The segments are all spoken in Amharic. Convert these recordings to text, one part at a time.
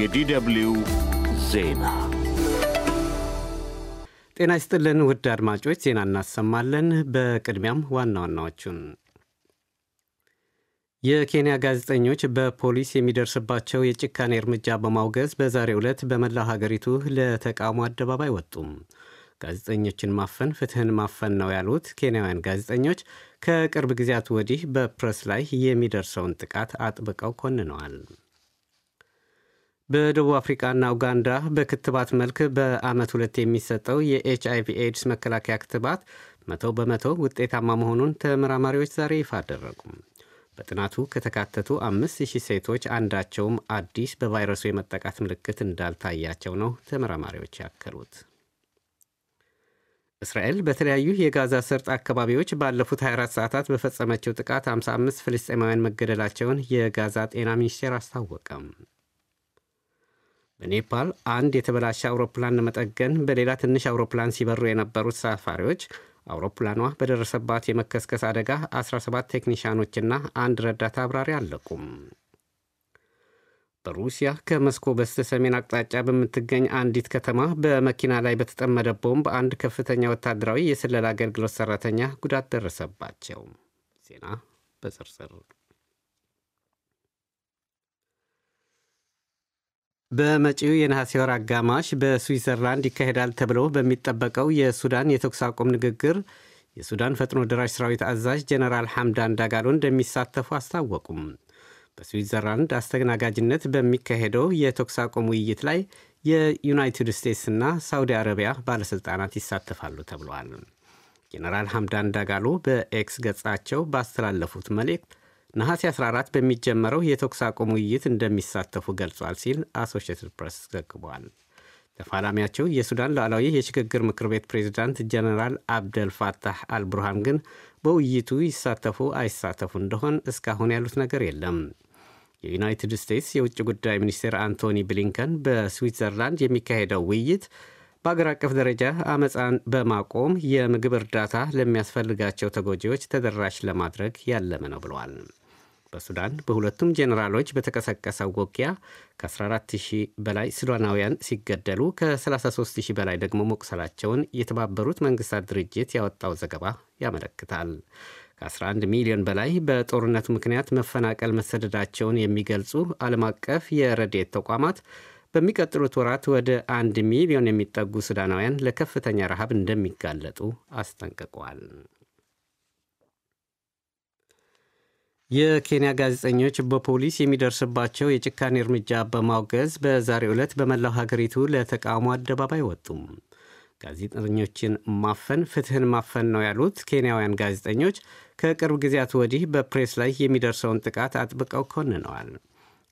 የዲደብሊው ዜና ጤና ይስጥልን ውድ አድማጮች፣ ዜና እናሰማለን። በቅድሚያም ዋና ዋናዎቹን የኬንያ ጋዜጠኞች በፖሊስ የሚደርስባቸው የጭካኔ እርምጃ በማውገዝ በዛሬ ዕለት በመላው ሀገሪቱ ለተቃውሞ አደባባይ ወጡም። ጋዜጠኞችን ማፈን ፍትህን ማፈን ነው ያሉት ኬንያውያን ጋዜጠኞች ከቅርብ ጊዜያት ወዲህ በፕረስ ላይ የሚደርሰውን ጥቃት አጥብቀው ኮንነዋል። በደቡብ አፍሪካና ኡጋንዳ በክትባት መልክ በአመት ሁለት የሚሰጠው የኤች አይቪ ኤድስ መከላከያ ክትባት መቶ በመቶ ውጤታማ መሆኑን ተመራማሪዎች ዛሬ ይፋ አደረጉ። በጥናቱ ከተካተቱ አምስት ሺህ ሴቶች አንዳቸውም አዲስ በቫይረሱ የመጠቃት ምልክት እንዳልታያቸው ነው ተመራማሪዎች ያከሉት። እስራኤል በተለያዩ የጋዛ ሰርጥ አካባቢዎች ባለፉት 24 ሰዓታት በፈጸመችው ጥቃት 55 ፍልስጤማውያን መገደላቸውን የጋዛ ጤና ሚኒስቴር አስታወቀም። በኔፓል አንድ የተበላሸ አውሮፕላን ለመጠገን በሌላ ትንሽ አውሮፕላን ሲበሩ የነበሩት ተሳፋሪዎች አውሮፕላኗ በደረሰባት የመከስከስ አደጋ 17 ቴክኒሽያኖችና አንድ ረዳት አብራሪ አለቁም። በሩሲያ ከመስኮ በስተ ሰሜን አቅጣጫ በምትገኝ አንዲት ከተማ በመኪና ላይ በተጠመደ ቦምብ አንድ ከፍተኛ ወታደራዊ የስለላ አገልግሎት ሰራተኛ ጉዳት ደረሰባቸው። ዜና በዝርዝር በመጪው የነሐሴ ወር አጋማሽ በስዊዘርላንድ ይካሄዳል ተብሎ በሚጠበቀው የሱዳን የተኩስ አቁም ንግግር የሱዳን ፈጥኖ ደራሽ ሰራዊት አዛዥ ጀነራል ሐምዳን ዳጋሎ እንደሚሳተፉ አስታወቁም። በስዊዘርላንድ አስተናጋጅነት በሚካሄደው የተኩስ አቁም ውይይት ላይ የዩናይትድ ስቴትስና ሳውዲ አረቢያ ባለሥልጣናት ይሳተፋሉ ተብለዋል። ጀነራል ሐምዳን ዳጋሎ በኤክስ ገጻቸው ባስተላለፉት መልእክት ነሐሴ 14 በሚጀመረው የተኩስ አቁም ውይይት እንደሚሳተፉ ገልጿል ሲል አሶሽትድ ፕሬስ ዘግቧል። ተፋላሚያቸው የሱዳን ሉዓላዊ የሽግግር ምክር ቤት ፕሬዚዳንት ጀነራል አብደል ፋታህ አልቡርሃን ግን በውይይቱ ይሳተፉ አይሳተፉ እንደሆን እስካሁን ያሉት ነገር የለም። የዩናይትድ ስቴትስ የውጭ ጉዳይ ሚኒስቴር አንቶኒ ብሊንከን በስዊትዘርላንድ የሚካሄደው ውይይት በአገር አቀፍ ደረጃ አመፃን በማቆም የምግብ እርዳታ ለሚያስፈልጋቸው ተጎጂዎች ተደራሽ ለማድረግ ያለመ ነው ብለዋል። በሱዳን በሁለቱም ጄኔራሎች በተቀሰቀሰው ውጊያ ከ14000 በላይ ሱዳናውያን ሲገደሉ ከ33000 በላይ ደግሞ መቁሰላቸውን የተባበሩት መንግስታት ድርጅት ያወጣው ዘገባ ያመለክታል። ከ11 ሚሊዮን በላይ በጦርነቱ ምክንያት መፈናቀል መሰደዳቸውን የሚገልጹ ዓለም አቀፍ የረድኤት ተቋማት በሚቀጥሉት ወራት ወደ አንድ ሚሊዮን የሚጠጉ ሱዳናውያን ለከፍተኛ ረሃብ እንደሚጋለጡ አስጠንቅቋል። የኬንያ ጋዜጠኞች በፖሊስ የሚደርስባቸው የጭካኔ እርምጃ በማውገዝ በዛሬው ዕለት በመላው ሀገሪቱ ለተቃውሞ አደባባይ ወጡም። ጋዜጠኞችን ማፈን ፍትህን ማፈን ነው ያሉት ኬንያውያን ጋዜጠኞች ከቅርብ ጊዜያት ወዲህ በፕሬስ ላይ የሚደርሰውን ጥቃት አጥብቀው ኮንነዋል።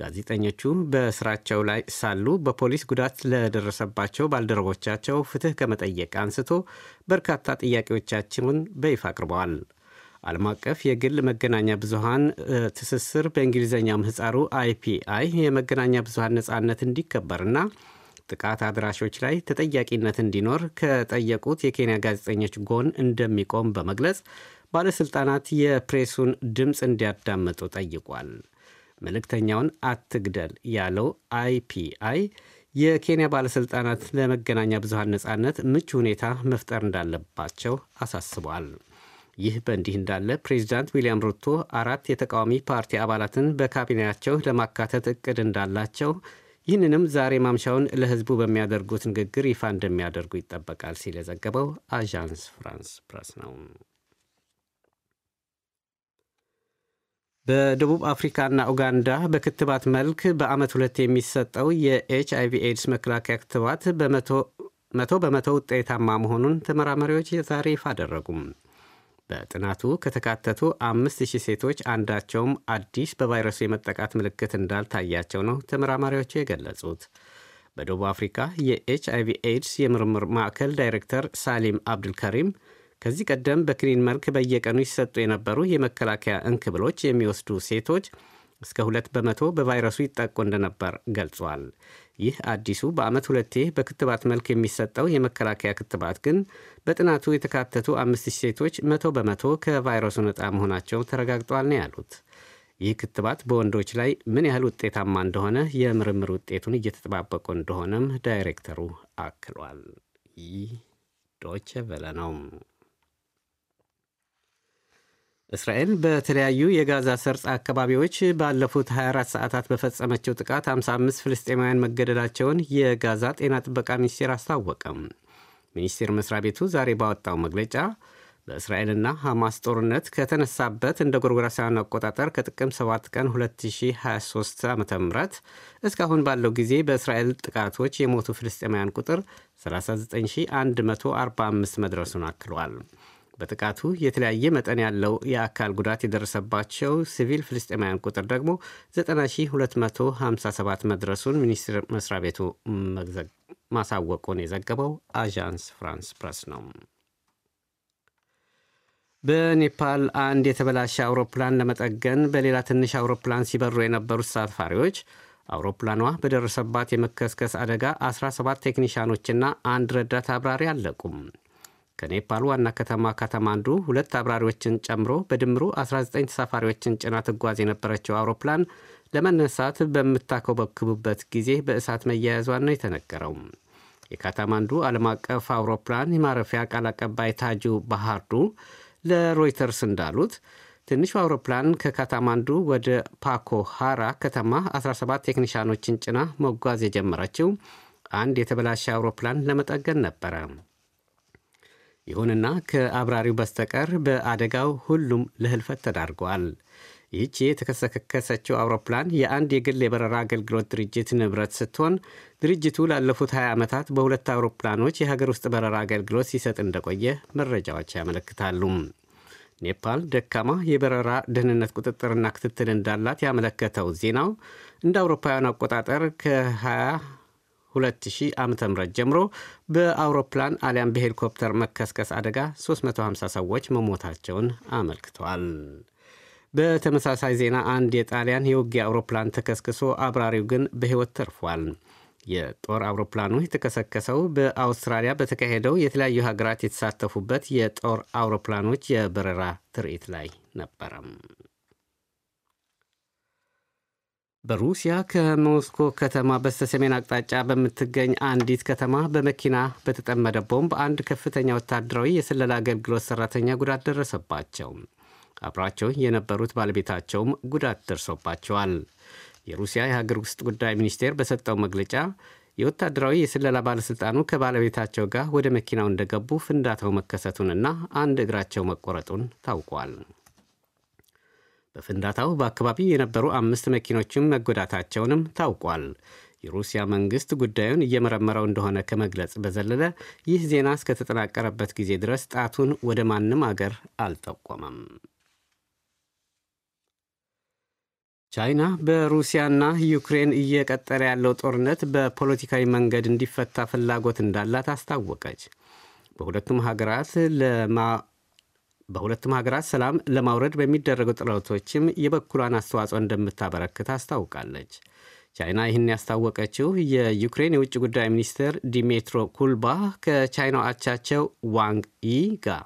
ጋዜጠኞቹ በስራቸው ላይ ሳሉ በፖሊስ ጉዳት ለደረሰባቸው ባልደረቦቻቸው ፍትህ ከመጠየቅ አንስቶ በርካታ ጥያቄዎቻቸውን በይፋ አቅርበዋል። ዓለም አቀፍ የግል መገናኛ ብዙሃን ትስስር በእንግሊዝኛ ምህፃሩ አይፒአይ የመገናኛ ብዙሃን ነፃነት እንዲከበርና ጥቃት አድራሾች ላይ ተጠያቂነት እንዲኖር ከጠየቁት የኬንያ ጋዜጠኞች ጎን እንደሚቆም በመግለጽ ባለሥልጣናት የፕሬሱን ድምፅ እንዲያዳምጡ ጠይቋል። መልእክተኛውን አትግደል ያለው አይፒአይ የኬንያ ባለሥልጣናት ለመገናኛ ብዙሃን ነጻነት ምቹ ሁኔታ መፍጠር እንዳለባቸው አሳስቧል። ይህ በእንዲህ እንዳለ ፕሬዚዳንት ዊልያም ሩቶ አራት የተቃዋሚ ፓርቲ አባላትን በካቢኔያቸው ለማካተት እቅድ እንዳላቸው ይህንንም ዛሬ ማምሻውን ለሕዝቡ በሚያደርጉት ንግግር ይፋ እንደሚያደርጉ ይጠበቃል ሲል የዘገበው አዣንስ ፍራንስ ፕረስ ነው። በደቡብ አፍሪካና ኡጋንዳ በክትባት መልክ በአመት ሁለት የሚሰጠው የኤች አይቪ ኤድስ መከላከያ ክትባት መቶ በመቶ ውጤታማ መሆኑን ተመራማሪዎች ዛሬ ይፋ አደረጉም። በጥናቱ ከተካተቱ አምስት ሺህ ሴቶች አንዳቸውም አዲስ በቫይረሱ የመጠቃት ምልክት እንዳልታያቸው ነው ተመራማሪዎቹ የገለጹት። በደቡብ አፍሪካ የኤች አይቪ ኤድስ የምርምር ማዕከል ዳይሬክተር ሳሊም አብዱልከሪም ከዚህ ቀደም በክኒን መልክ በየቀኑ ይሰጡ የነበሩ የመከላከያ እንክብሎች የሚወስዱ ሴቶች እስከ ሁለት በመቶ በቫይረሱ ይጠቁ እንደነበር ገልጿል። ይህ አዲሱ በዓመት ሁለቴ በክትባት መልክ የሚሰጠው የመከላከያ ክትባት ግን በጥናቱ የተካተቱ አምስት ሺህ ሴቶች መቶ በመቶ ከቫይረሱ ነጻ መሆናቸው ተረጋግጧል ነው ያሉት። ይህ ክትባት በወንዶች ላይ ምን ያህል ውጤታማ እንደሆነ የምርምር ውጤቱን እየተጠባበቁ እንደሆነም ዳይሬክተሩ አክሏል። ይህ ዶይቼ ቬለ ነው። እስራኤል በተለያዩ የጋዛ ሰርጽ አካባቢዎች ባለፉት 24 ሰዓታት በፈጸመችው ጥቃት 55 ፍልስጤማውያን መገደላቸውን የጋዛ ጤና ጥበቃ ሚኒስቴር አስታወቀም። ሚኒስቴር መስሪያ ቤቱ ዛሬ ባወጣው መግለጫ በእስራኤልና ሐማስ ጦርነት ከተነሳበት እንደ ጎርጎሮሳውያን አቆጣጠር ከጥቅም 7 ቀን 2023 ዓ ም እስካሁን ባለው ጊዜ በእስራኤል ጥቃቶች የሞቱ ፍልስጤማውያን ቁጥር 39145 መድረሱን አክሏል። በጥቃቱ የተለያየ መጠን ያለው የአካል ጉዳት የደረሰባቸው ሲቪል ፍልስጤማውያን ቁጥር ደግሞ 9257 መድረሱን ሚኒስቴር መስሪያ ቤቱ ማሳወቁን የዘገበው አዣንስ ፍራንስ ፕረስ ነው። በኔፓል አንድ የተበላሸ አውሮፕላን ለመጠገን በሌላ ትንሽ አውሮፕላን ሲበሩ የነበሩት ሳፋሪዎች አውሮፕላኗ በደረሰባት የመከስከስ አደጋ 17 ቴክኒሽያኖችና አንድ ረዳት አብራሪ አለቁም። ከኔፓል ዋና ከተማ ካትማንዱ ሁለት አብራሪዎችን ጨምሮ በድምሩ 19 ተሳፋሪዎችን ጭና ትጓዝ የነበረችው አውሮፕላን ለመነሳት በምታኮበክቡበት ጊዜ በእሳት መያያዟን ነው የተነገረው። የካታማንዱ ዓለም አቀፍ አውሮፕላን የማረፊያ ቃል አቀባይ ታጁ ባህርዱ ለሮይተርስ እንዳሉት ትንሹ አውሮፕላን ከካታማንዱ ወደ ፓኮሃራ ከተማ 17 ቴክኒሻኖችን ጭና መጓዝ የጀመረችው አንድ የተበላሸ አውሮፕላን ለመጠገን ነበረ። ይሁንና ከአብራሪው በስተቀር በአደጋው ሁሉም ለህልፈት ተዳርጓል። ይህች የተከሰከሰችው አውሮፕላን የአንድ የግል የበረራ አገልግሎት ድርጅት ንብረት ስትሆን ድርጅቱ ላለፉት 20 ዓመታት በሁለት አውሮፕላኖች የሀገር ውስጥ በረራ አገልግሎት ሲሰጥ እንደቆየ መረጃዎች ያመለክታሉ። ኔፓል ደካማ የበረራ ደህንነት ቁጥጥርና ክትትል እንዳላት ያመለከተው ዜናው እንደ አውሮፓውያን አቆጣጠር ከ20 2000 ዓ ም ጀምሮ በአውሮፕላን አሊያም በሄሊኮፕተር መከስከስ አደጋ 350 ሰዎች መሞታቸውን አመልክተዋል። በተመሳሳይ ዜና አንድ የጣሊያን የውጊያ አውሮፕላን ተከስክሶ አብራሪው ግን በሕይወት ተርፏል። የጦር አውሮፕላኑ የተከሰከሰው በአውስትራሊያ በተካሄደው የተለያዩ ሀገራት የተሳተፉበት የጦር አውሮፕላኖች የበረራ ትርኢት ላይ ነበረም። በሩሲያ ከሞስኮ ከተማ በስተሰሜን አቅጣጫ በምትገኝ አንዲት ከተማ በመኪና በተጠመደ ቦምብ አንድ ከፍተኛ ወታደራዊ የስለላ አገልግሎት ሰራተኛ ጉዳት ደረሰባቸው። አብራቸው የነበሩት ባለቤታቸውም ጉዳት ደርሶባቸዋል። የሩሲያ የሀገር ውስጥ ጉዳይ ሚኒስቴር በሰጠው መግለጫ የወታደራዊ የስለላ ባለሥልጣኑ ከባለቤታቸው ጋር ወደ መኪናው እንደገቡ ፍንዳታው መከሰቱንና አንድ እግራቸው መቆረጡን ታውቋል። በፍንዳታው በአካባቢ የነበሩ አምስት መኪኖችም መጎዳታቸውንም ታውቋል። የሩሲያ መንግስት ጉዳዩን እየመረመረው እንደሆነ ከመግለጽ በዘለለ ይህ ዜና እስከተጠናቀረበት ጊዜ ድረስ ጣቱን ወደ ማንም አገር አልጠቆመም። ቻይና በሩሲያና ዩክሬን እየቀጠለ ያለው ጦርነት በፖለቲካዊ መንገድ እንዲፈታ ፍላጎት እንዳላት አስታወቀች። በሁለቱም ሀገራት በሁለቱም ሀገራት ሰላም ለማውረድ በሚደረጉ ጥረቶችም የበኩሏን አስተዋጽኦ እንደምታበረክት አስታውቃለች። ቻይና ይህን ያስታወቀችው የዩክሬን የውጭ ጉዳይ ሚኒስትር ዲሜትሮ ኩልባ ከቻይናው አቻቸው ዋንግ ኢ ጋር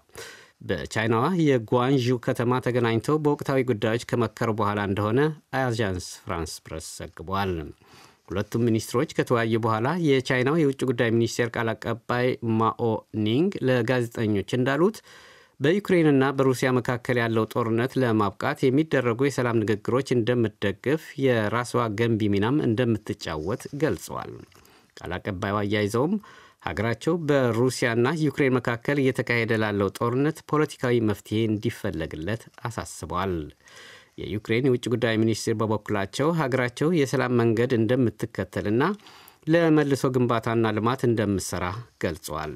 በቻይናዋ የጓንዡ ከተማ ተገናኝተው በወቅታዊ ጉዳዮች ከመከሩ በኋላ እንደሆነ አያዣንስ ፍራንስ ፕረስ ዘግቧል። ሁለቱም ሚኒስትሮች ከተወያዩ በኋላ የቻይናው የውጭ ጉዳይ ሚኒስቴር ቃል አቀባይ ማኦ ኒንግ ለጋዜጠኞች እንዳሉት በዩክሬንና በሩሲያ መካከል ያለው ጦርነት ለማብቃት የሚደረጉ የሰላም ንግግሮች እንደምትደግፍ የራሷ ገንቢ ሚናም እንደምትጫወት ገልጸዋል። ቃል አቀባዩ አያይዘውም ሀገራቸው በሩሲያና ዩክሬን መካከል እየተካሄደ ላለው ጦርነት ፖለቲካዊ መፍትሄ እንዲፈለግለት አሳስቧል። የዩክሬን የውጭ ጉዳይ ሚኒስትር በበኩላቸው ሀገራቸው የሰላም መንገድ እንደምትከተልና ለመልሶ ግንባታና ልማት እንደምትሰራ ገልጸዋል።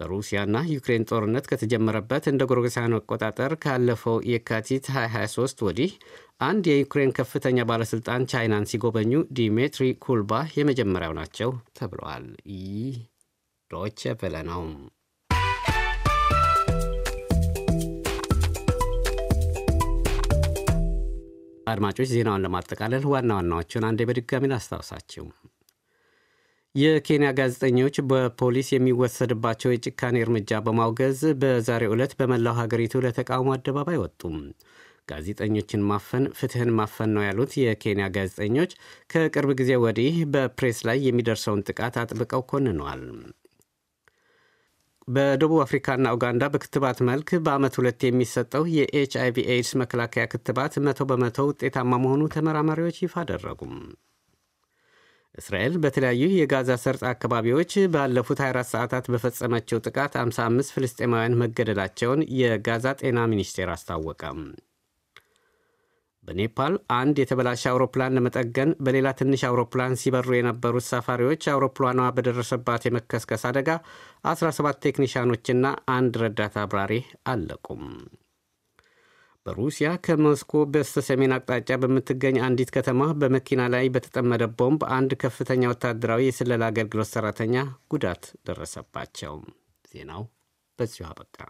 በሩሲያና ዩክሬን ጦርነት ከተጀመረበት እንደ ጎርጎሳውያን አቆጣጠር ካለፈው የካቲት 2023 ወዲህ አንድ የዩክሬን ከፍተኛ ባለሥልጣን ቻይናን ሲጎበኙ ዲሜትሪ ኩልባ የመጀመሪያው ናቸው ተብለዋል። ይህ ዶች ቬለ ነው። አድማጮች ዜናውን ለማጠቃለል ዋና ዋናዎቹን አንዴ በድጋሚ ላስታውሳችሁ። የኬንያ ጋዜጠኞች በፖሊስ የሚወሰድባቸው የጭካኔ እርምጃ በማውገዝ በዛሬ ዕለት በመላው ሀገሪቱ ለተቃውሞ አደባባይ ወጡም። ጋዜጠኞችን ማፈን ፍትህን ማፈን ነው ያሉት የኬንያ ጋዜጠኞች ከቅርብ ጊዜ ወዲህ በፕሬስ ላይ የሚደርሰውን ጥቃት አጥብቀው ኮንነዋል። በደቡብ አፍሪካና ኡጋንዳ በክትባት መልክ በዓመት ሁለት የሚሰጠው የኤች አይቪ ኤድስ መከላከያ ክትባት መቶ በመቶ ውጤታማ መሆኑ ተመራማሪዎች ይፋ አደረጉም። እስራኤል በተለያዩ የጋዛ ሰርጥ አካባቢዎች ባለፉት 24 ሰዓታት በፈጸመችው ጥቃት 55 ፍልስጤማውያን መገደላቸውን የጋዛ ጤና ሚኒስቴር አስታወቀ። በኔፓል አንድ የተበላሸ አውሮፕላን ለመጠገን በሌላ ትንሽ አውሮፕላን ሲበሩ የነበሩት ሰፋሪዎች አውሮፕላኗ በደረሰባት የመከስከስ አደጋ 17 ቴክኒሽያኖችና አንድ ረዳት አብራሪ አለቁም። በሩሲያ ከሞስኮ በስተ ሰሜን አቅጣጫ በምትገኝ አንዲት ከተማ በመኪና ላይ በተጠመደ ቦምብ አንድ ከፍተኛ ወታደራዊ የስለላ አገልግሎት ሰራተኛ ጉዳት ደረሰባቸው። ዜናው በዚሁ አበቃ።